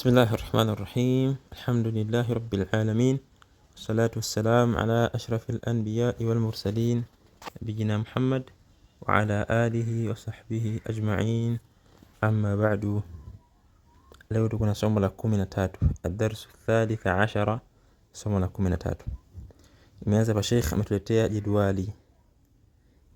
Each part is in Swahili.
بسم الله الرحمن الرحيم الحمد لله رب العالمين والصلاة والسلام على أشرف الأنبياء والمرسلين نبينا محمد وعلى آله وصحبه أجمعين أما بعد لو تكون سوم لكم من تاتو الدرس الثالث عشر سوم لكم من تاتو ميزة بشيخ متلتيا جدوالي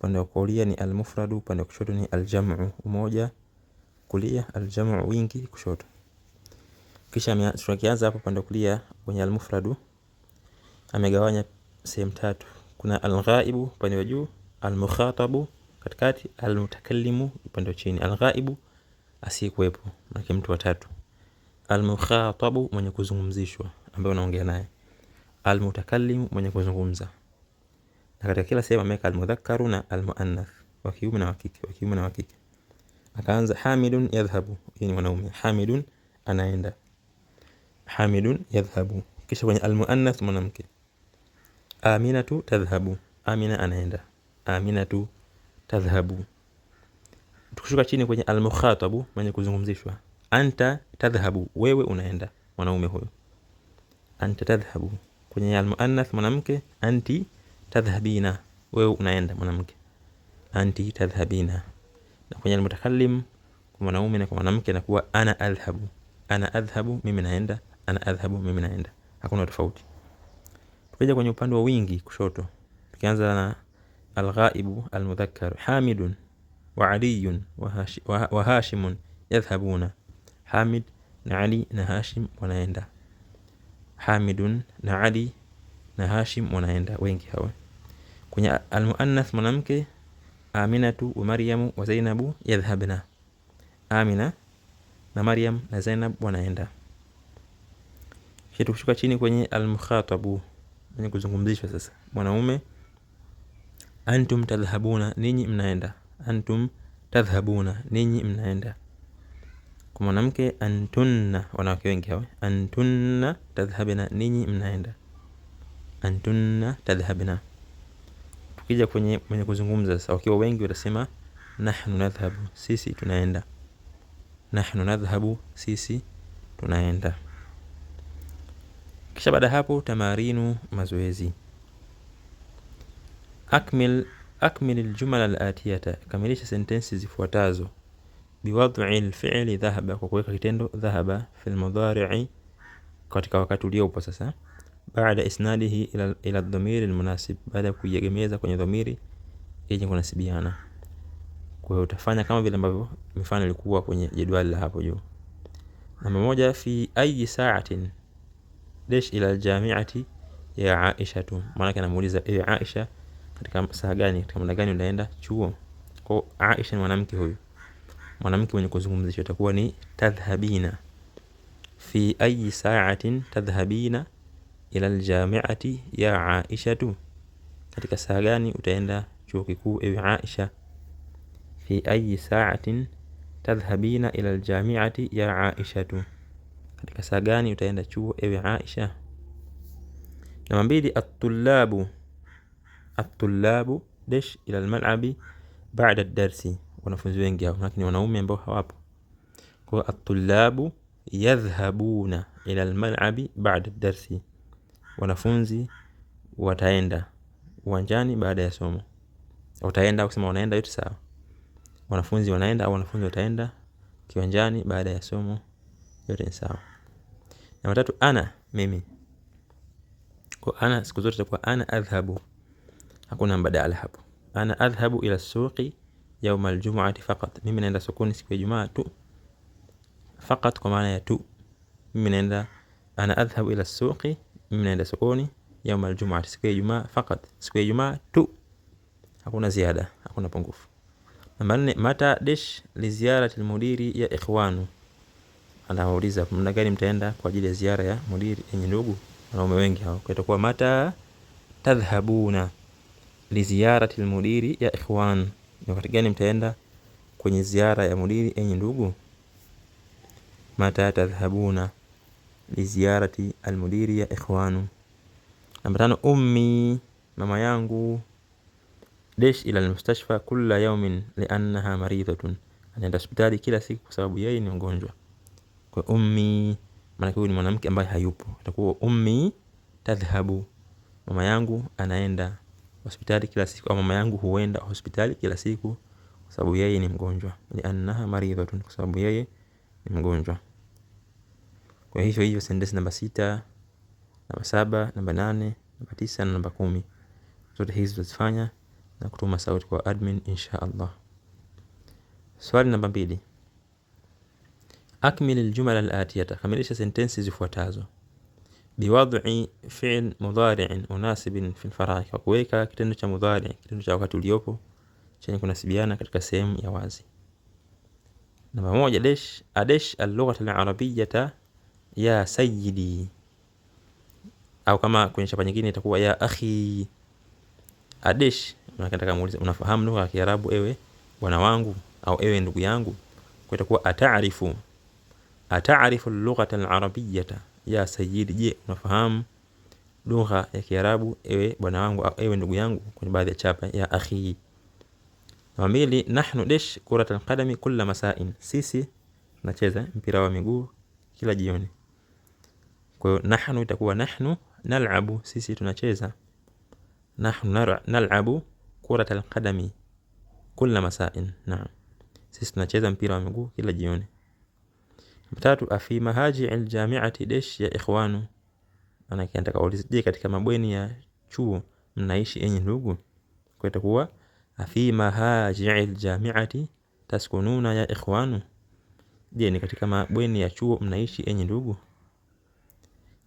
بندو upande المفرد بندو ni الجمع upande wa kushoto ni Kisha tunakianza hapo upande kulia kwenye almufradu amegawanya sehemu tatu. Kuna alghaibu upande wa juu, almukhatabu katikati, almutakallimu upande wa chini. Alghaibu asiyekuwepo, maana mtu wa tatu. Almukhatabu mwenye kuzungumzishwa, ambaye unaongea naye. Almutakallimu mwenye kuzungumza. Na katika kila sehemu ameweka almudhakkaru na almuannath, wa kiume na wa kike, wa kiume na wa kike. Akaanza hamidun yadhhabu, yani mwanaume. Hamidun anaenda hamidun yadhhabu. Kisha kwenye almuannath mwanamke, aminatu tadhhabu, amina anaenda, aminatu tadhhabu. Tukishuka chini kwenye almukhatabu, mwenye kuzungumzishwa, anta tadhhabu, wewe unaenda. Mwanaume huyo anta tadhhabu. Kwenye almuannath mwanamke, anti tadhhabina, wewe unaenda mwanamke, anti tadhhabina. Na kwenye almutakallim, kwa mwanaume na kwa mwanamke, nakuwa ana adhhabu, ana adhhabu, mimi naenda ana adhhabu, mimi naenda, hakuna tofauti. Tukija kwenye upande wa wingi kushoto, tukianza na alghaibu almudhakkar, hamidun wa aliyun wa hashimun yadhhabuna, hamid na ali na hashim wanaenda, hamidun na ali na hashim wanaenda, wengi hawa. Kwenye almuannath mwanamke, aminatu wa maryamu wa zainabu yadhhabna, amina na maryam na zainab wanaenda kisha tukishuka chini kwenye almukhatabu, mwenye kuzungumzishwa sasa, mwanaume. Antum tadhhabuna, ninyi mnaenda. Antum tadhhabuna, ninyi mnaenda. Kwa mwanamke, antunna, wanawake wengi hawa. Antunna tadhhabna, ninyi mnaenda. Antunna tadhhabna. Tukija kwenye mwenye kuzungumza sasa, wakiwa wengi watasema nahnu nadhhabu, sisi tunaenda. Nahnu nadhhabu, sisi tunaenda. Kisha baada hapo tamarinu mazoezi. Akmil akmil aljumal alatiyata, kamilisha sentensi zifuatazo. Biwad'i alfi'li dhahaba, kwa kuweka kitendo dhahaba fil mudhari'i, katika wakati uliopo sasa. Baada isnadihi ila ila dhamiri almunasib, baada ya kuiegemeza kwenye dhamiri yenye kunasibiana. Kwa hiyo utafanya kama vile ambavyo mifano ilikuwa kwenye jedwali la hapo juu. Namba moja, fi ayi sa'atin dash ila aljamiati ya Aisha tu. Maana yake anamuuliza e, Aisha katika saa gani, katika muda gani unaenda chuo? Kwa Aisha ni mwanamke huyu, mwanamke mwenye kuzungumzishwa itakuwa ni tadhhabina. Fi ayi saatin tadhhabina ila aljamiati ya Aisha tu, katika saa gani utaenda chuo kikuu ewe Aisha? Fi ayi saatin tadhhabina ila aljamiati ya Aisha tu katika saa gani utaenda chuo ewe Aisha? Namba mbili, atullabu atullabu dash ila almalabi baada darsi, wanafunzi wengi hao lakini wanaume ambao hawapo. Kwa hiyo atullabu yadhhabuna ila almalabi baada darsi, wanafunzi wataenda uwanjani baada ya somo. Utaenda kusema wanaenda yote sawa, wanafunzi wanaenda au wanafunzi wataenda kiwanjani baada ya somo yote ni sawa. Namba tatu ana mimi, kwa ana siku zote itakuwa ana adhhabu, hakuna mbadala hapo. Ana adhhabu ila suqi yauma aljumuati faqat, mimi naenda sokoni siku ya Jumaa tu. Faqat kwa maana ya tu, mimi naenda. Ana adhhabu ila suqi, mimi naenda sokoni yauma aljumuati, siku ya Jumaa. Faqat, siku ya Jumaa tu, hakuna ziada, hakuna pungufu. Namba nne mata dish liziarati almudiri ya ikhwanu anauliza namna gani mtaenda kwa ajili ya ziara ya mudiri yenye ndugu wanaume wengi hao. Kwa itakuwa mata tadhhabuna li ziyarati almudiri ya ikhwan, ni wakati gani mtaenda kwenye ziara ya mudiri yenye ndugu? Mata tadhhabuna li ziyarati almudiri ya ikhwanu. Namba tano, ummi, mama yangu dish ila almustashfa kulla yawmin liannaha maridhatun, anaenda hospitali kila siku kwa sababu yeye ni mgonjwa. Kwa ummi, maana huyu ni mwanamke ambaye hayupo, atakuwa ummi tadhhabu, mama yangu anaenda hospitali kila siku, au mama yangu huenda hospitali kila siku, kwa sababu yeye ni mgonjwa. Ni annaha maridhatun, kwa sababu yeye ni mgonjwa. Kwa hivyo hiyo sentensi namba sita, namba saba, namba nane, namba tisa na namba kumi zote hizi tutazifanya na kutuma sauti kwa admin insha Allah. Swali namba mbili Akmil aljumala alatiyata, kamilisha sentensi zifuatazo: biwad'i fi'l mudhari'in munasibin fi alfara'i, kwa kuweka kitendo cha mudhari, kitendo cha wakati uliopo chenye kunasibiana katika sehemu ya wazi. Namba moja, dash adesh allughata alarabiyata ya sayyidi, au kama kwenye chapa nyingine itakuwa ya akhi. Adesh unataka muulize, unafahamu lugha ya Kiarabu ewe bwana wangu, au ewe ndugu yangu, kwa itakuwa ataarifu atarifu lughata alarabiyata ya sayidi, je, unafahamu lugha ya Kiarabu ewe bwana wangu ewe ndugu yangu, kwenye baadhi ya chapa ya akhi. Namba mbili, nahnu dish kurat alqadami kulla masain, sisi tunacheza mpira wa miguu kila jioni. Kwa hiyo nahnu itakuwa nahnu nalabu, sisi tunacheza. Nahnu nalabu kurat alqadami kulla masain, naam, sisi tunacheza mpira wa miguu kila jioni. Tatu, afi mahaji jamiati desh ya ikhwanu, maanake anataka je, katika mabweni ya chuo mnaishi enyi ndugu? Kwa itakuwa afi mahaji jamiati taskununa ya ikhwanu, je, ni katika mabweni ya chuo mnaishi enyi ndugu?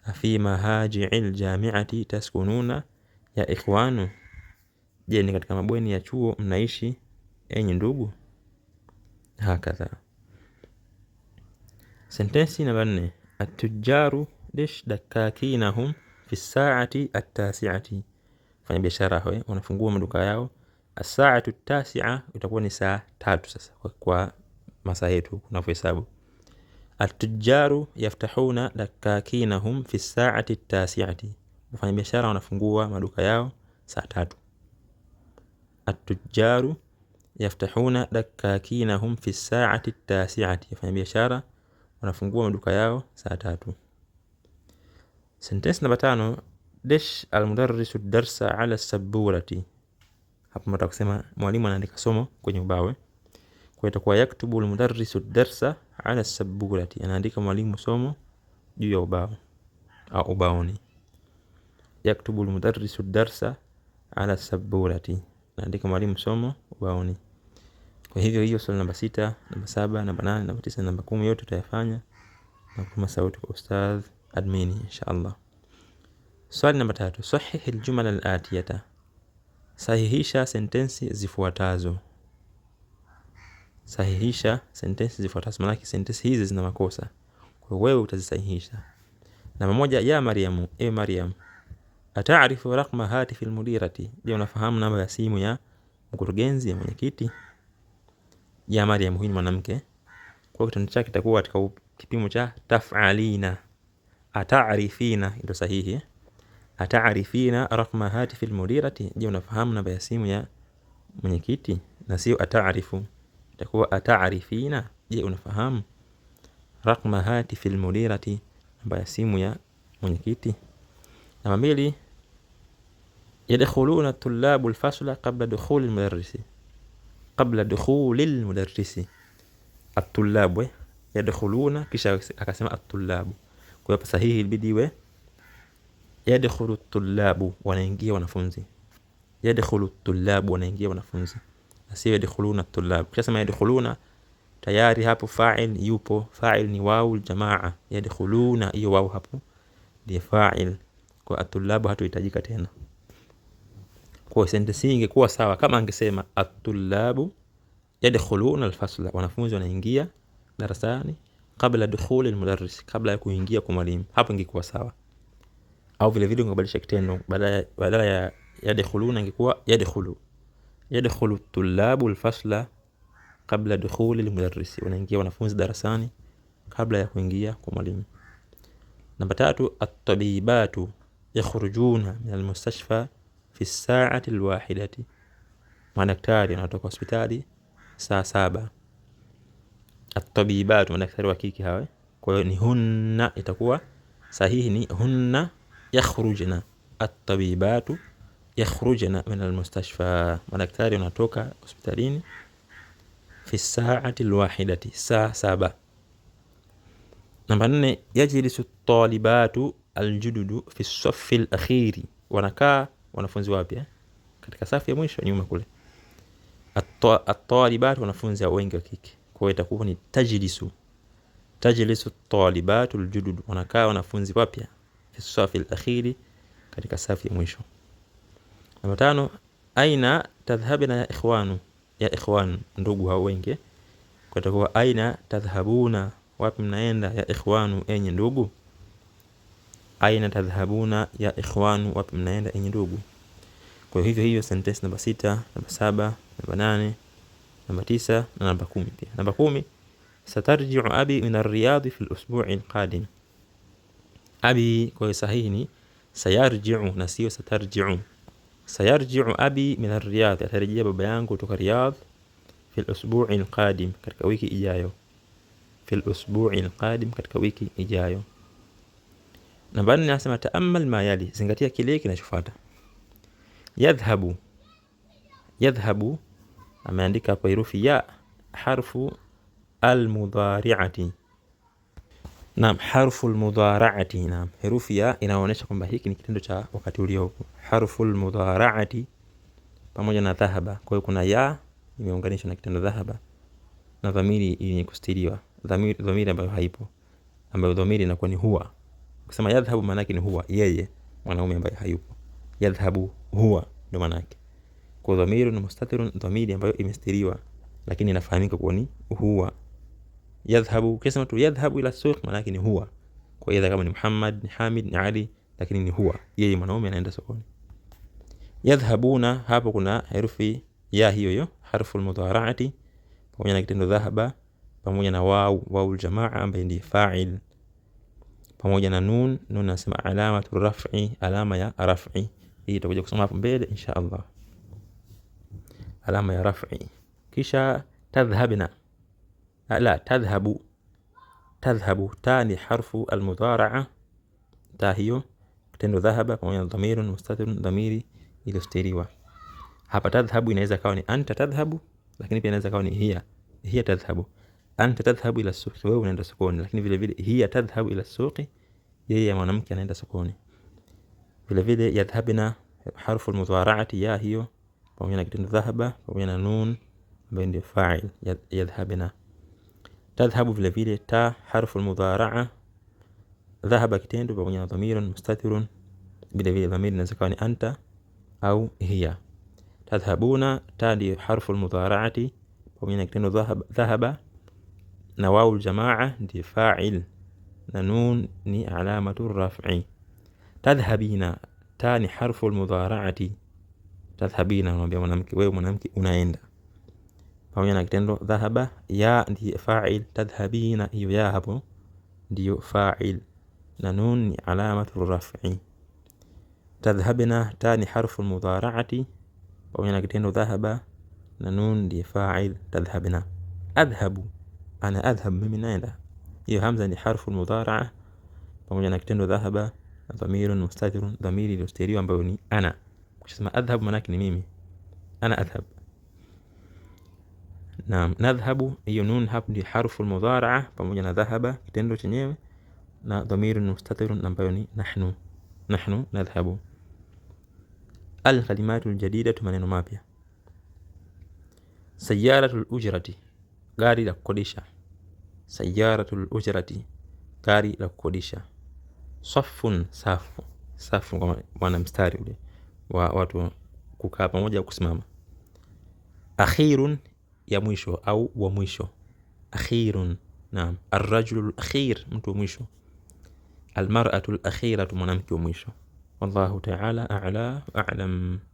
Afi mahaji jamiati taskununa ya ikhwanu, je, ni katika mabweni ya chuo mnaishi enyi ndugu? Hakadha. Sentensi namba nne atujaru dish dakakinahum fi saati atasiati, fanya biashara hao wanafungua maduka yao. Asaatu tasia itakuwa ni saa tatu. Sasa kwa, kwa masaa yetu kunavyohesabu, atujaru yaftahuna dakakinahum fi saati tasiati, fanya biashara wanafungua maduka yao saa tatu. Atujaru yaftahuna dakakinahum fi saati tasiati, fanya biashara wanafungua maduka yao saa tatu. Sentensi namba tano, desh almudarrisu darsa ala saburati. Hapo nataka kusema mwalimu anaandika somo kwenye ubao. Eh? Kwa itakuwa yaktubu almudarrisu darsa ala saburati, anaandika mwalimu somo juu ya ubao au ubaoni. Yaktubu almudarrisu darsa ala saburati, anaandika mwalimu somo ubaoni. Kwa hivyo hiyo swali namba sita, namba saba, namba nane, namba tisa, namba kumi yote utayafanya na kutuma sauti kwa ustadh admin inshaallah. Swali namba tatu, sahih aljumal alatiyata, sahihisha sentensi zifuatazo. Sahihisha sentensi zifuatazo, maana sentensi hizi zina makosa, kwa hiyo wewe utazisahihisha. Namba moja, ya Mariamu, e Maryam, ataarifu raqma hatifi almudirati, je, unafahamu namba ya simu ya mkurugenzi ya mwenyekiti? ya Maryam, huyu ni mwanamke. Kwa kitendo chake kitakuwa katika kipimo cha taf'alina. Atarifina ndio sahihi. Atarifina rakma hatifi almudirati, je, unafahamu namba ya simu ya mwenyekiti? Na sio atarifu, itakuwa atarifina, je, unafahamu rakma hatifi almudirati, namba ya simu ya mwenyekiti. Namba mbili, yadkhuluna tullabu alfasla qabla dukhuli almudarrisi qabla dukhuli lmudarrisi atulabu yadkhuluna, kisha akasema atulabu. Kwa hiyo sahihi ilibidi iwe yadkhulu tulabu, wanaingia wanafunzi. Yadkhulu tulabu, wanaingia wanafunzi, asiyo yadkhuluna tulabu. Kisema yadkhuluna tayari hapo fa'il yupo, fa'il ni wawu jamaa. Yadkhuluna hiyo wau hapo ndiye fa'il, kwa atulabu hatuhitajika tena. Kwa sentensi hii ingekuwa sawa kama angesema atullabu yadkhuluna alfasla, wanafunzi wanaingia darasani kabla dukhuli almudarris, kabla ya kuingia kwa mwalimu. Hapo ingekuwa sawa. Au vile vile ungebadilisha kitendo badala ya yadkhuluna ingekuwa yadkhulu, yadkhulu tulabu alfasla kabla dukhuli almudarris, wanaingia wanafunzi darasani kabla ya kuingia kwa mwalimu. Namba tatu, atabibatu yakhrujuna min almustashfa fi saati lwahidati, madaktari wanatoka hospitali saa saba. Atabibatu, madaktari wa kike hawa. Kwa hiyo ni hunna, itakuwa sahihi ni hunna yakhrujna, atabibatu yakhrujna min almustashfa, madaktari wanatoka hospitalini fi saati lwahidati, saa saba. Namba nne, yajlisu talibatu aljududu fi safi alakhiri, wanakaa wanafunzi wapya katika safu ya mwisho nyuma kule, atalibat wanafunzi wengi wa kike. Kwa hiyo itakuwa ni tajlisu tajlisu talibatu aljudud, wanakaa wanafunzi wapya fi safi alakhiri, katika safu ya mwisho. Namba tano, aina tadhhabina ya ikhwanu ya ikhwan, ndugu hao wengi, kwa itakuwa aina tadhhabuna, wapi mnaenda, ya ikhwanu, enye ndugu aina tadhhabuna ya ikhwanu, wapi mnaenda enyi ndugu. Kwa hivyo hiyo sentensi namba sita, namba saba, namba nane, namba tisa na namba kumi pia. Namba kumi, satarjiu abi min arriyadi fi lusbui lqadim. Abi kwa hiyo sahihi ni sayarjiu na sio satarjiu. Sayarjiu abi min arriyadh, atarejea baba yangu kutoka Riyadh. Fi lusbui lqadim, katika wiki ijayo. Fi lusbui lqadim, katika wiki ijayo. Namba nne anasema taamal ma yali, zingatia kile kinachofuata. Yadhhabu, yadhhabu ameandika kwa herufi ya harfu almudhari'ati. Naam, harfu almudhari'ati. Naam, herufi ya inaonyesha kwamba hiki ni kitendo cha wakati uliopo. Harfu almudhari'ati pamoja na dhahaba. Kwa hiyo kuna ya imeunganishwa na kitendo dhahaba na dhamiri yenye kustiriwa, dhamiri ambayo haipo, ambayo dhamiri inakuwa ni huwa Kusema yadhhabu maana yake ni huwa, yeye mwanaume ambaye hayupo. Yadhhabu huwa, ndio maana yake. Kwa dhamirun mustatirun, dhamiri ambayo imestiriwa, lakini inafahamika kuwa ni huwa. Yadhhabu, ukisema tu yadhhabu ila suq, maana yake ni huwa. Kwa hiyo kama ni Muhammad, ni Hamid, ni Ali, lakini ni huwa, yeye mwanaume anaenda sokoni. Yadhhabuna, hapo kuna herufi ya hiyo hiyo harfu almudharaati pamoja na kitendo dhahaba pamoja na wau wau aljamaa ambaye ndiye fa'il pamoja na nun. Nun nasema alamatu rafi, alama ya rafi. Hii tutakuja kusoma hapo mbele insha Allah, alama ya rafi. Kisha tadhhabna, la tadhhabu, tadhhabu. Ta ni harfu almudharaa, ta hiyo kitendo dhahaba pamoja na dhamirun mustatirun, dhamiri iliyostiriwa. Hapa tadhhabu inaweza kawa ni anta tadhhabu, lakini pia inaweza kawa ni hiya hiya tadhhabu. أنت تذهب إلى السوق وهو نenda سكوني لكن في الفيديو هي تذهب إلى السوق هي ما نمكن نenda سكوني في الفيديو يذهبنا حرف المضارعة يا هيو بمعنى كده ذهب بمعنى نون بين الفاعل يذهبنا تذهب في الفيديو تا حرف المضارعة ذهب كتير بمعنى ضمير مستتر بدي في ضمير نزكاني أنت أو هي تذهبون تا دي حرف المضارعة بمعنى كده ذهب ذهب نواو الجماعة دي فاعل نون ني علامة الرفع تذهبين تاني حرف المضارعة تذهبين نبي منامك وي منامك أنايند فهمنا كتندو ذهب يا دي فاعل تذهبين يو ياهب دي فاعل نون ني علامة الرفع تذهبنا تاني حرف المضارعة فهمنا كتندو ذهب نون دي فاعل تذهبنا أذهب ana adhhab mimi naenda hiyo hamza ni harfu mudharaa pamoja na kitendo dhahaba dhamirun mustatirun dhamiri iliyostiriwa ambayo ni ana ukisema adhhab maana yake ni mimi ana adhhab naam nadhhabu hiyo nun hapo ni harfu mudharaa pamoja na dhahaba kitendo chenyewe na dhamirun mustatirun ambayo ni nahnu nahnu nadhhabu alkalimatu ljadidatu maneno mapya sayaratu lujrati gari la kukodisha sayaratul ujrati, gari la kukodisha. Safun, safu. Safu kwa maana mstari ule wa watu kukaa pamoja au kusimama. Akhirun, ya mwisho au wa mwisho. Akhirun, naam. Arrajulul akhir, mtu wa mwisho. Almar'atul akhiratu, mwanamke wa mwisho. Wallahu ta'ala a'la wa a'lam.